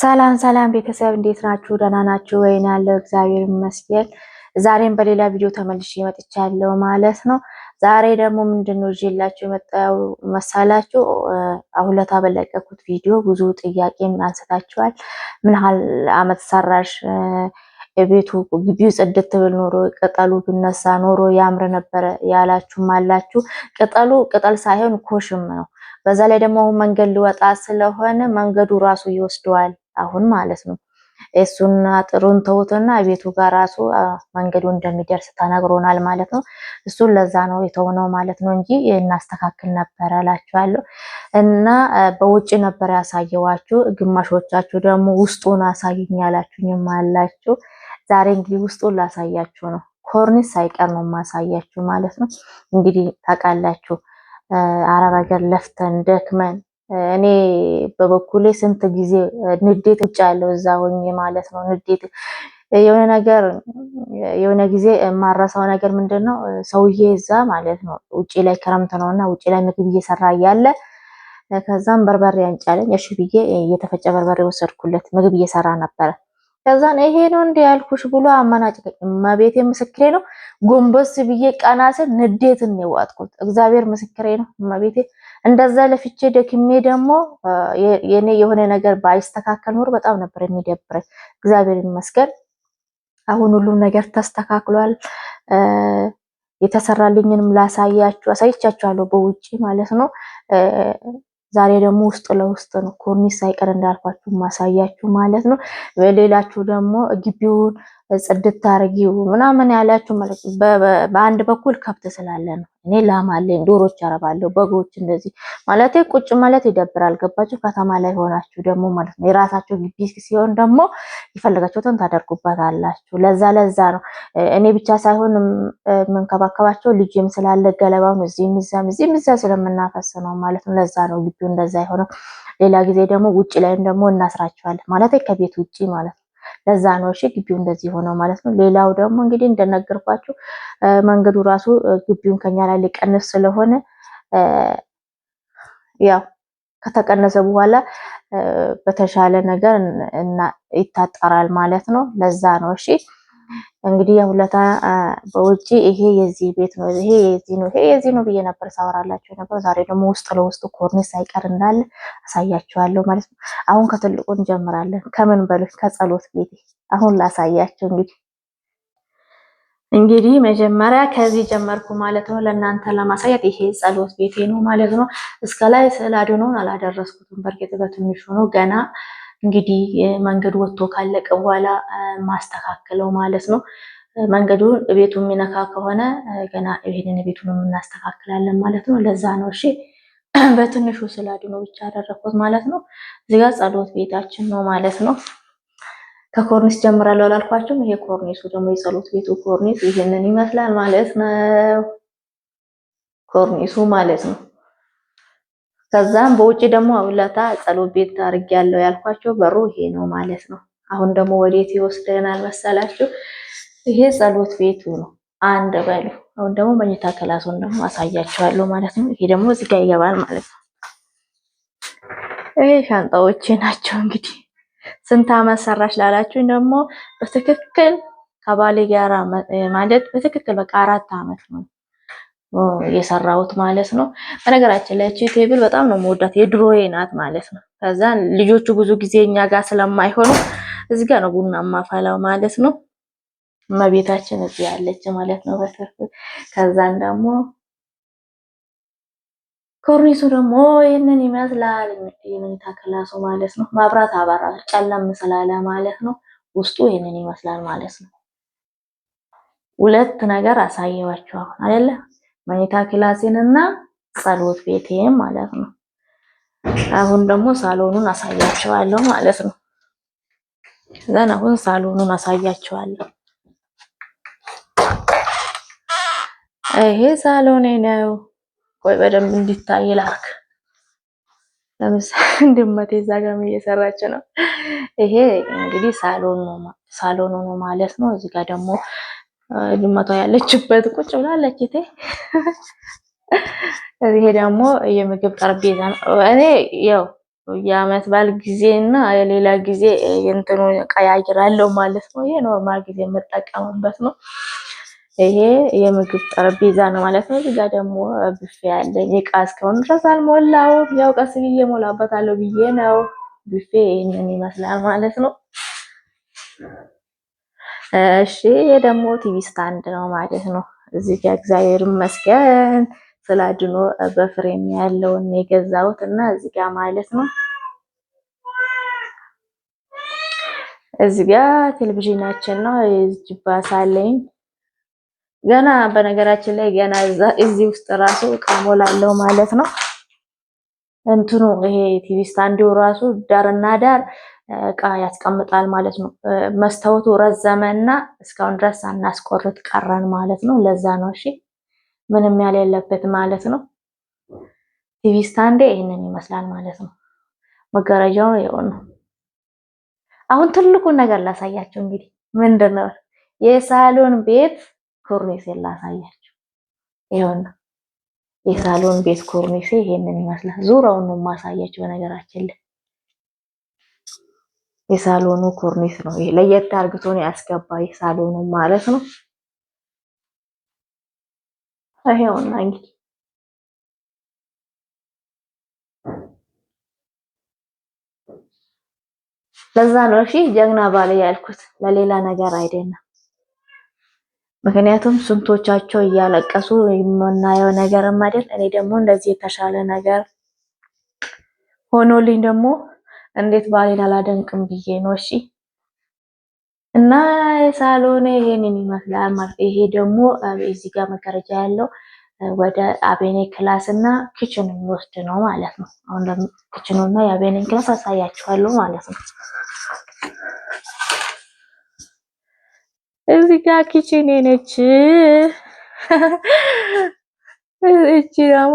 ሰላም ሰላም ቤተሰብ እንዴት ናችሁ? ደህና ናችሁ ወይ? ያለው እግዚአብሔር ይመስገን። ዛሬም በሌላ ቪዲዮ ተመልሼ መጥቻለሁ ማለት ነው። ዛሬ ደግሞ ምንድን ነው ይዤላችሁ የመጣው መሳላችሁ? አሁለታ በለቀኩት ቪዲዮ ብዙ ጥያቄ አንስታችኋል። ምን ያህል አመት ሰራሽ? ቤቱ ግቢው ጽድት ብል ኖሮ ቅጠሉ ብነሳ ኖሮ ያምር ነበረ ያላችሁም አላችሁ። ቅጠሉ ቅጠል ሳይሆን ኮሽም ነው። በዛ ላይ ደግሞ መንገድ ሊወጣ ስለሆነ መንገዱ ራሱ ይወስደዋል አሁን ማለት ነው። እሱን አጥሩን ተውትና ቤቱ ጋር ራሱ መንገዱ እንደሚደርስ ተነግሮናል ማለት ነው። እሱን ለዛ ነው የተውነው ማለት ነው እንጂ እናስተካክል ነበር እላችኋለሁ። እና በውጭ ነበር ያሳየዋችሁ። ግማሾቻችሁ ደግሞ ውስጡን አሳይኝ ያላችሁኝም አላችሁ። ዛሬ እንግዲህ ውስጡን ላሳያችሁ ነው። ኮርኒስ ሳይቀር ነው ማሳያችሁ ማለት ነው። እንግዲህ ታውቃላችሁ፣ አረብ ሀገር ለፍተን ደክመን እኔ በበኩሌ ስንት ጊዜ ንዴት ውጭ ያለው እዛ ሆኜ ማለት ነው። ንዴት የሆነ ነገር የሆነ ጊዜ የማረሳው ነገር ምንድን ነው፣ ሰውዬ እዛ ማለት ነው ውጭ ላይ ክረምት ነው እና ውጭ ላይ ምግብ እየሰራ እያለ ከዛም በርበሬ አንጫለኝ። እሺ ብዬ እየተፈጨ በርበሬ ወሰድኩለት። ምግብ እየሰራ ነበረ ከዛን ይሄ ነው እንደ ያልኩሽ ብሎ አመናጭቀኝ። እመቤቴ ምስክሬ ነው። ጎንበስ ብዬ ቀና ንዴት ንዴትን የዋጥኩት እግዚአብሔር ምስክሬ ነው። እመቤቴ እንደዛ ለፍቼ ደክሜ ደግሞ የኔ የሆነ ነገር ባይስተካከል ኖር በጣም ነበር የሚደብረ። እግዚአብሔር ይመስገን አሁን ሁሉም ነገር ተስተካክሏል። የተሰራልኝንም ላሳያችሁ አሳይቻችኋለሁ፣ በውጪ ማለት ነው። ዛሬ ደግሞ ውስጥ ለውስጥ ነው ኮርኒስ ሳይቀር እንዳልኳችሁ ማሳያችሁ ማለት ነው። ሌላችሁ ደግሞ ግቢውን ጽድት አርጊው ምናምን ያላችሁ ማለት በአንድ በኩል ከብት ስላለ ነው። እኔ ላም አለኝ፣ ዶሮች አረባለሁ፣ በጎች እንደዚህ ማለት ቁጭ ማለት ይደብራል። ገባችሁ? ከተማ ላይ ሆናችሁ ደግሞ ማለት ነው የራሳችሁ ግቢ ሲሆን ደግሞ የፈለጋችሁትን ታደርጉበት አላችሁ። ለዛ ለዛ ነው እኔ ብቻ ሳይሆን የምንከባከባቸው ልጅም ስላለ ገለባውን እዚህ ምዛም እዚህ ምዛ ስለምናፈስ ነው ማለት ነው። ለዛ ነው ግቢው እንደዛ የሆነው። ሌላ ጊዜ ደግሞ ውጭ ላይም ደግሞ እናስራችኋለን ማለት ከቤት ውጭ ማለት ነው። ለዛ ነው እሺ፣ ግቢው እንደዚህ ሆነው ማለት ነው። ሌላው ደግሞ እንግዲህ እንደነገርኳችሁ መንገዱ ራሱ ግቢውን ከኛ ላይ ሊቀንስ ስለሆነ ያው ከተቀነሰ በኋላ በተሻለ ነገር ይታጠራል ማለት ነው። ለዛ ነው እሺ። እንግዲህ የሁለታ በውጭ ይሄ የዚህ ቤት ነው፣ ይሄ የዚህ ነው፣ ይሄ የዚህ ነው ብዬ ነበር ሳወራላችሁ ነበር። ዛሬ ደግሞ ውስጥ ለውስጥ ኮርኔስ ሳይቀር እንዳለ አሳያችኋለሁ ማለት ነው። አሁን ከትልቁ እንጀምራለን። ከምን በሉት ከጸሎት ቤት አሁን ላሳያችሁ እንግዲህ እንግዲህ መጀመሪያ ከዚህ ጀመርኩ ማለት ነው፣ ለእናንተ ለማሳየት ይሄ ጸሎት ቤቴ ነው ማለት ነው። እስከ ላይ ስዕል አላደረስኩትም። በእርግጥ በትንሹ ነው ገና እንግዲህ መንገዱ ወጥቶ ካለቀ በኋላ ማስተካከለው ማለት ነው። መንገዱን ቤቱ የሚነካ ከሆነ ገና ይሄንን ቤቱን እናስተካክላለን ማለት ነው። ለዛ ነው እሺ፣ በትንሹ ስላድኖ ብቻ ያደረኩት ማለት ነው። እዚጋ ጸሎት ቤታችን ነው ማለት ነው። ከኮርኒስ ጀምራለሁ አላልኳችሁም? ይሄ ኮርኒሱ ደግሞ የጸሎት ቤቱ ኮርኒስ ይህንን ይመስላል ማለት ነው። ኮርኒሱ ማለት ነው። ከዛም በውጭ ደግሞ አሁለታ ጸሎት ቤት አድርግ ያለው ያልኳቸው በሩ ይሄ ነው ማለት ነው። አሁን ደግሞ ወዴት ይወስደናል መሰላችሁ? ይሄ ጸሎት ቤቱ ነው። አንድ በሉ። አሁን ደግሞ መኝታ ክላሱን ደግሞ አሳያችኋለሁ ማለት ነው። ይሄ ደግሞ እዚህ ጋር ይገባል ማለት ነው። ይሄ ሻንጣዎቼ ናቸው። እንግዲህ ስንት አመት ሰራሽ ላላችሁ ደግሞ በትክክል ከባሌ ጋራ ማለት በትክክል በቃ አራት አመት ነው የሰራሁት ማለት ነው። በነገራችን ላይ ቺ ቴብል በጣም ነው መወዳት የድሮዬ ናት ማለት ነው። ከዛ ልጆቹ ብዙ ጊዜ እኛ ጋር ስለማይሆኑ እዚህ ጋር ነው ቡና ማፈላው ማለት ነው። እመቤታችን እዚህ ያለች ማለት ነው። በስርፍ ከዛን ደግሞ ኮርኒሱ ደግሞ ይህንን ይመስላል። የመኝታ ክላሱ ማለት ነው። መብራት አበራ ጨለም ስላለ ማለት ነው። ውስጡ ይህንን ይመስላል ማለት ነው። ሁለት ነገር አሳየዋቸው አሁን አይደለ መኝታ ክላሴን እና ጸሎት ቤቴ ማለት ነው። አሁን ደግሞ ሳሎኑን አሳያቸዋለሁ ማለት ነው። ዘን አሁን ሳሎኑን አሳያቸዋለሁ። ይሄ ሳሎኔ ነው። ቆይ በደንብ እንዲታይ ላርክ። ለምሳሌ ድመቴ እዛ ጋርም እየሰራች ነው። ይሄ እንግዲህ ሳሎኑ ነው ማለት ነው። እዚህ ጋር ደግሞ ድመቷ ያለችበት ቁጭ ብላለች። እቴ ይሄ ደግሞ የምግብ ጠረጴዛ ነው። እኔ ያው የአመት በዓል ጊዜና የሌላ ጊዜ እንትኑ ቀያይራለሁ ማለት ነው። ይሄ ኖርማል ጊዜ የምጠቀምበት ነው። ይሄ የምግብ ጠረጴዛ ነው ማለት ነው። እዚህ ደግሞ ብፌ ያለኝ እቃ እስካሁን ድረስ አልሞላውም። ያው ቀስ ብዬ ሞላበታለሁ ብዬ ነው። ብፌ ይህንን ይመስላል ማለት ነው። እሺ ደግሞ ቲቪ ስታንድ ነው ማለት ነው። እዚህ ጋር እግዚአብሔር ይመስገን ስላድኖ በፍሬም ያለውን የገዛሁት እና እዚህ ጋር ማለት ነው። እዚህ ጋር ቴሌቪዥናችን ነው። እዚህ ባሳለኝ ገና በነገራችን ላይ ገና እዚህ ውስጥ ራሱ እቃ ሞላለው ማለት ነው። እንትኑ ይሄ ቲቪ ስታንዱ ራሱ ዳርና ዳር እቃ ያስቀምጣል ማለት ነው። መስታወቱ ረዘመ እና እስካሁን ድረስ አናስቆርት ቀረን ማለት ነው። ለዛ ነው እሺ፣ ምንም ያሌለበት ማለት ነው። ቲቪ ስታንዴ ይህንን ይመስላል ማለት ነው። መጋረጃው ይኸው ነው። አሁን ትልቁን ነገር ላሳያቸው። እንግዲህ ምንድን ነው የሳሎን ቤት ኮርኒሴ ላሳያቸው። ይኸው የሳሎን ቤት ኮርኒሴ ይሄንን ይመስላል። ዙረውን ነው የማሳያቸው በነገራችን ላይ የሳሎኑ ኮርኒስ ነው። ይሄ ለየት አርግቶ ነው ያስገባ የሳሎኑ ማለት ነው። ይሄውና እንግዲህ ለዛ ነው እሺ ጀግና ባለ ያልኩት ለሌላ ነገር አይደለም። ምክንያቱም ስንቶቻቸው እያለቀሱ የምናየው ነገር አይደል። እኔ ደግሞ እንደዚህ የተሻለ ነገር ሆኖልኝ ደግሞ እንዴት ባሌን አላደንቅም ብዬ ነው። እሺ እና ሳሎን ይሄንን ይመስላል ማለት ይሄ ደግሞ እዚህ ጋር መጋረጃ ያለው ወደ አቤኔ ክላስ እና ኪችኑ የሚወስድ ነው ማለት ነው። አሁን ኪችኑ እና የአቤኔን ክላስ አሳያችኋለሁ ማለት ነው። እዚህ ጋር ኪችኔ ነች። እቺ ደግሞ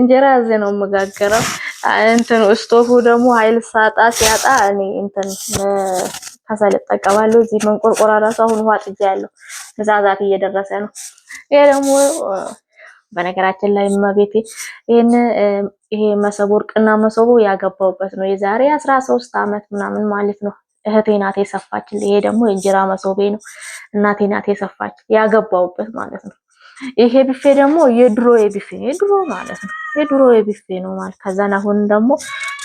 እንጀራ እዚህ ነው የምጋገረው። እንትን ስቶፉ ደግሞ ኃይል ሳጣ ሲያጣ እኔ እንትን ከሰል እጠቀማለሁ። እዚህ መንቆርቆራ ራሱ አሁን ውሃ ጥጃ ያለው መዛዛት እየደረሰ ነው። ይሄ ደግሞ በነገራችን ላይ እመቤቴ ይሄን ይሄ መሶበ ወርቅና መሶቡ ያገባውበት ነው የዛሬ አስራ ሶስት አመት ምናምን ማለት ነው። እህቴ ናት የሰፋችል። ይሄ ደግሞ የእንጀራ መሶቤ ነው እናቴ ናት የሰፋችል ያገባውበት ማለት ነው። ይሄ ቢፌ ደግሞ የድሮ የቢፌ የድሮ ማለት ነው። የድሮ የቢፌ ነው ማለት ከዛን አሁን ደግሞ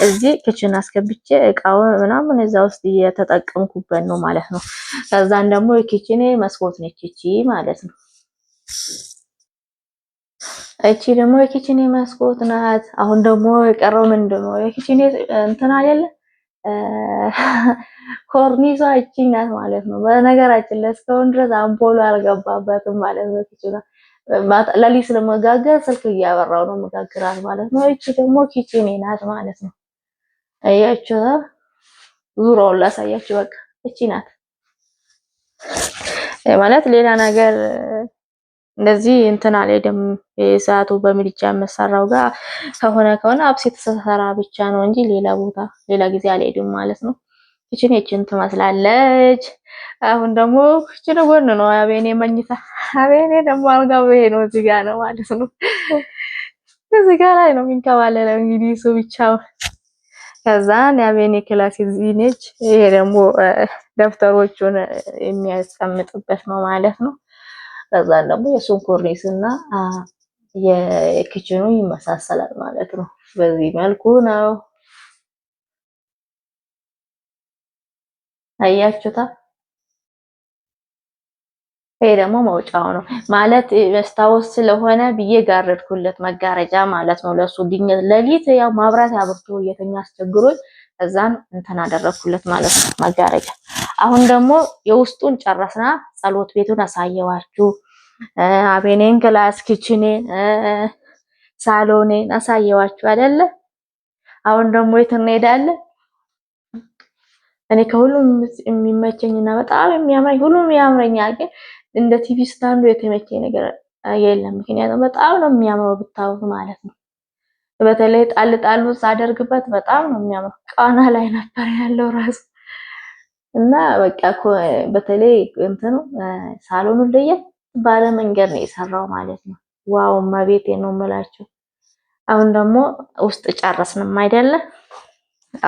እዚህ ክችን አስገብቼ እቃው ምናምን እዛ ውስጥ እየተጠቀምኩበት ነው ማለት ነው። ከዛን ደግሞ የኪችኔ መስኮት ነች እቺ ማለት ነው። እቺ ደግሞ የኪችኔ መስኮት ናት። አሁን ደግሞ የቀረው ምን ደግሞ የኪችኔ እንትን አይደለ ኮርኒሷ እቺ ናት ማለት ነው። በነገራችን ላይ እስካሁን ድረስ አምፖሉ አልገባበትም ማለት ነው። ለሊት ስለመጋገር ስልክ እያበራው ነው መጋግራል ማለት ነው። እቺ ደግሞ ኪቺኔ ናት ማለት ነው። አያችሁ፣ ዙሮውን ላሳያችሁ። በቃ እቺ ናት ማለት ሌላ ነገር እንደዚህ ላይ ደም የሰዓቱ በምድጃ መሰራው ጋር ከሆነ ከሆነ አብሴት ተሰራ ብቻ ነው እንጂ ሌላ ቦታ ሌላ ጊዜ አልሄድም ማለት ነው። ይችን የችን ትመስላለች። አሁን ደግሞ ኪችን ጎን ነው አቤኔ መኝታ። አቤኔ ደግሞ አልጋ ይሄ ነው፣ እዚህ ጋር ነው ማለት ነው። እዚህ ላይ ነው የሚንከባለለው እንግዲህ እሱ ብቻው። ከዛን የአቤኔ ክላስ እዚህ ነች። ይሄ ደግሞ ደብተሮቹን የሚያስቀምጥበት ነው ማለት ነው። ከዛን ደግሞ የሱን ኮርኒስ እና ይመሳሰላል ማለት ነው። በዚህ መልኩ ነው አያችሁታ። ይሄ ደግሞ መውጫው ነው ማለት መስታወት ስለሆነ ብዬ ጋረድኩለት መጋረጃ ማለት ነው። ለሱ ድንገት ለሊት ያው ማብራት አብርቶ እየተኛ አስቸግሮኝ እዛን እንትን አደረግኩለት ማለት ነው መጋረጃ። አሁን ደግሞ የውስጡን ጨረስና ጸሎት ቤቱን አሳየዋችሁ። አቤኔን ክላስ፣ ኪችኔን፣ ሳሎኔን አሳየዋችሁ አይደለ? አሁን ደግሞ የት እንሄዳለን? እኔ ከሁሉም የሚመቸኝ እና በጣም የሚያምረኝ ሁሉም ያምረኛል፣ ግን እንደ ቲቪ ስታንዱ የተመቸኝ ነገር የለም። ምክንያቱም በጣም ነው የሚያምረው ብታዩት ማለት ነው። በተለይ ጣል ሳደርግበት በጣም ነው የሚያምረው። ቃና ላይ ነበር ያለው ራሱ እና በቃ በተለይ እንትኑ ሳሎኑ ለየት ባለ መንገድ ነው የሰራው ማለት ነው። ዋው መቤቴ ነው የምላቸው አሁን ደግሞ ውስጥ ጨረስንም አይደለ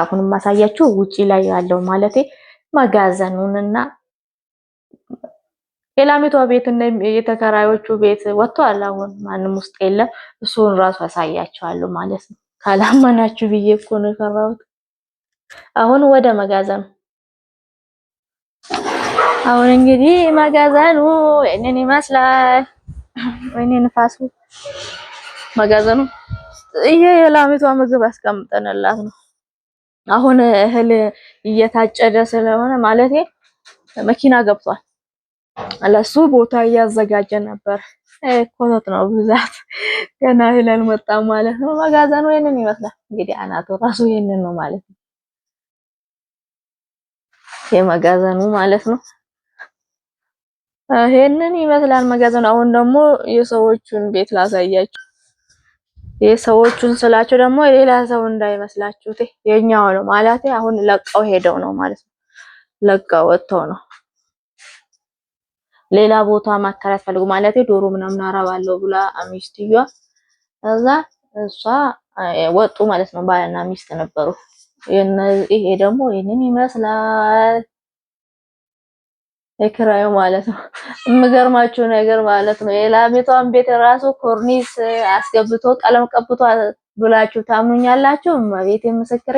አሁን ማሳያችሁ ውጪ ላይ ያለው ማለቴ መጋዘኑንና የላሚቷ ቤት የተከራዮቹ ቤት ወጥቷል። አሁን ማንም ውስጥ የለም። እሱን ራሱ አሳያችኋለሁ ማለት ነው። ካላመናችሁ ብዬ እኮ ነው የፈራሁት። አሁን ወደ መጋዘኑ አሁን እንግዲህ መጋዘኑ እኔን ይመስላል። ወይኔ ንፋሱ መጋዘኑ ይሄ የላሚቷ ምግብ አስቀምጠንላት ነው አሁን እህል እየታጨደ ስለሆነ ማለት መኪና ገብቷል። ለሱ ቦታ እያዘጋጀ ነበር። ኮተት ነው ብዛት ገና እህል አልመጣም ማለት ነው። መጋዘኑ ይሄንን ይመስላል እንግዲህ አናቱ ራሱ ይሄንን ነው ማለት ነው። የመጋዘኑ ማለት ነው ይሄንን ይመስላል መጋዘኑ። አሁን ደግሞ የሰዎቹን ቤት ላሳያችሁ። የሰዎቹን ስላቸው ደግሞ የሌላ ሰው እንዳይመስላችሁ የኛው ነው ማለት አሁን ለቀው ሄደው ነው ማለት ነው። ለቀው ወጥተው ነው ሌላ ቦታ ማከራት ፈልጉ ማለት ዶሮ ምናምን አረባለሁ ብላ ሚስትየዋ እዛ እሷ ወጡ ማለት ነው። ባልና ሚስት ነበሩ። ይሄ ደግሞ ይህንን ይመስላል። የክራዩ ማለት ነው። የምገርማችሁ ነገር ማለት ነው የላሚቷን ቤት ራሱ ኮርኒስ አስገብቶ ቀለም ቀብቶ ብላችሁ ታምኑኛላችሁ? ቤት ምስክሬ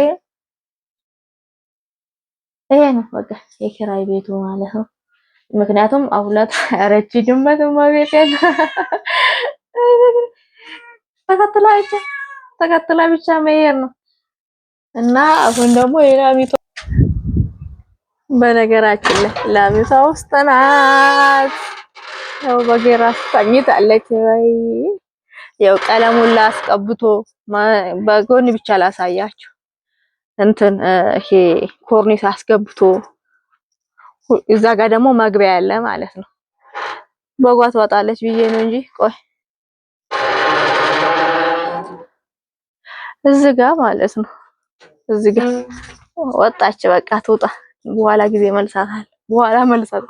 ይሄ ነው በቃ የክራይ ቤቱ ማለት ነው። ምክንያቱም አሁለት አረቺ ድመት ማቤት ያለ ተከትላ ብቻ መሄድ ነው እና አሁን ደግሞ የላሚቷ በነገራችን ላይ ላሚቷ ውስጥ ናት። ያው በጌራ ተኝታለች። ያው ቀለሙን ላስቀብቶ በጎን ብቻ ላሳያችሁ እንትን ይሄ ኮርኒስ አስገብቶ እዛ ጋር ደግሞ መግቢያ ያለ ማለት ነው። በጓ ትወጣለች ብዬ ነው እንጂ ቆይ እዚህ ጋር ማለት ነው። እዚህ ጋር ወጣች። በቃ ትውጣ። በኋላ ጊዜ መልሳታል በኋላ መልሳት።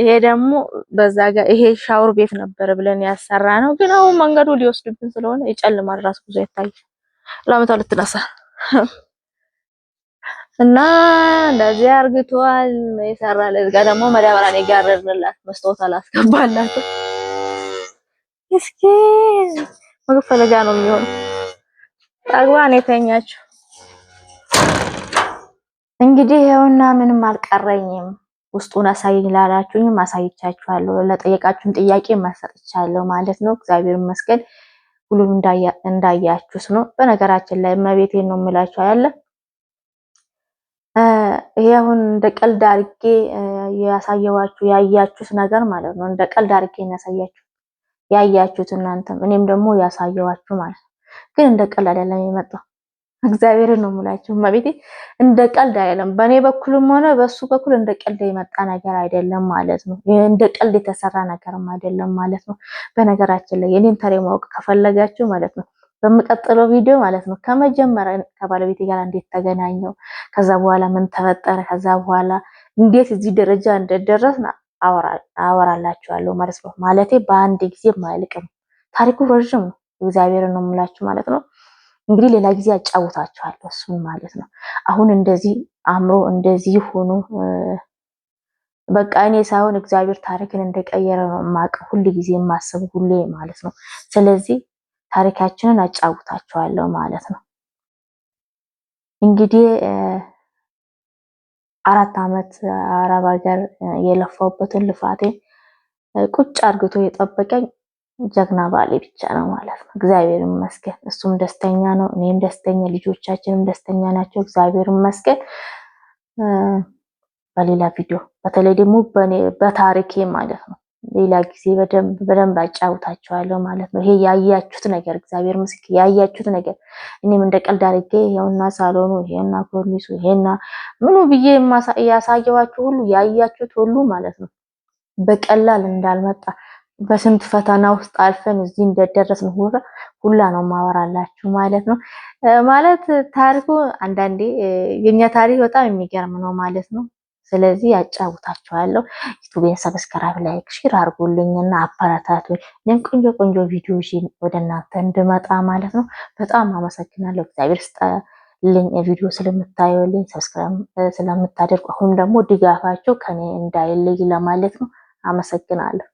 ይሄ ደግሞ በዛ ጋር ይሄ ሻወር ቤት ነበር ብለን ያሰራ ነው፣ ግን አሁን መንገዱ ሊወስድብን ስለሆነ ይጨልማል። ራሱ ብዙ አይታይ ለአመቷ ልትነሳ እና እንደዚህ አርግቷል የሰራ ለዚህ ጋር ደግሞ መዳበራን የጋረድንላት መስታወት አላስገባላት። እስኪ ምግብ ፈለጋ ነው የሚሆነው አግባ ኔ የተኛችው። እንግዲህ ይኸውና ምንም አልቀረኝም። ውስጡን አሳይኝ ላላችሁኝ አሳይቻችኋለሁ። ለጠየቃችሁን ጥያቄ ማሰጥቻለሁ ማለት ነው። እግዚአብሔር ይመስገን ሁሉም እንዳያችሁት ነው። በነገራችን ላይ መቤቴ ነው የምላችሁ ያለ ይሄ አሁን እንደ ቀልድ አድርጌ ያሳየዋችሁ ያያችሁት ነገር ማለት ነው። እንደ ቀልድ አድርጌ ያሳያችሁ ያያችሁት እናንተም እኔም ደግሞ ያሳየዋችሁ ማለት ነው። ግን እንደ ቀልድ አይደለም የመጣው እግዚአብሔርን ነው የምላችሁ። እመቤቴ እንደ ቀልድ አይደለም። በእኔ በኩልም ሆነ በሱ በኩል እንደ ቀልድ የመጣ ነገር አይደለም ማለት ነው። እንደ ቀልድ የተሰራ ነገርም አይደለም ማለት ነው። በነገራችን ላይ የኔን ተሬ ማወቅ ከፈለጋችሁ ማለት ነው በምቀጥለው ቪዲዮ ማለት ነው ከመጀመሪያ ከባለቤት ጋር እንዴት ተገናኘው፣ ከዛ በኋላ ምን ተፈጠረ፣ ከዛ በኋላ እንዴት እዚህ ደረጃ እንደደረስ አወራላችኋለሁ ማለት ነው። ማለቴ በአንድ ጊዜ ማልቅም ታሪኩ ረዥም ነው። እግዚአብሔር ነው የምላችሁ ማለት ነው። እንግዲህ ሌላ ጊዜ አጫውታችኋለሁ እሱን ማለት ነው። አሁን እንደዚህ አእምሮ እንደዚህ ሆኖ በቃ እኔ ሳይሆን እግዚአብሔር ታሪክን እንደቀየረ ነው ሁሉ ሁል ጊዜ የማስብ ሁሌ ማለት ነው። ስለዚህ ታሪካችንን አጫውታችኋለሁ ማለት ነው። እንግዲህ አራት ዓመት አረብ ሀገር ልፋቴ ቁጭ አርግቶ የጠበቀኝ ጀግና ባሌ ብቻ ነው ማለት ነው። እግዚአብሔር ይመስገን፣ እሱም ደስተኛ ነው፣ እኔም ደስተኛ፣ ልጆቻችንም ደስተኛ ናቸው። እግዚአብሔር ይመስገን። በሌላ ቪዲዮ በተለይ ደግሞ በታሪኬ ማለት ነው ሌላ ጊዜ በደንብ አጫውታቸዋለሁ ማለት ነው። ይሄ ያያችሁት ነገር እግዚአብሔር ምስክር ያያችሁት ነገር እኔም እንደ ቀልድ አድርጌ ይሄውና ሳሎኑ ይሄና ኮርኒሱ ይሄና ምኑ ብዬ ያሳየዋችሁ ሁሉ ያያችሁት ሁሉ ማለት ነው በቀላል እንዳልመጣ በስንት ፈተና ውስጥ አልፈን እዚህ እንደደረስን ሁላ ነው ማወራላችሁ ማለት ነው። ማለት ታሪኩ አንዳንዴ የኛ ታሪክ በጣም የሚገርም ነው ማለት ነው። ስለዚህ ያጫውታችኋለሁ። ዩቱቤን ሰብስክራይብ፣ ላይክ፣ ሼር እና አበረታቱኝ። እኔም ቆንጆ ቆንጆ ቪዲዮዎች ወደ እናንተ እንድመጣ ማለት ነው። በጣም አመሰግናለሁ። እግዚአብሔር ስጠልኝ ቪዲዮ ስለምታየልኝ ሰብስክራይብ ስለምታደርጉ፣ አሁን ደግሞ ድጋፋቸው ከኔ እንዳይለይ ለማለት ነው። አመሰግናለሁ።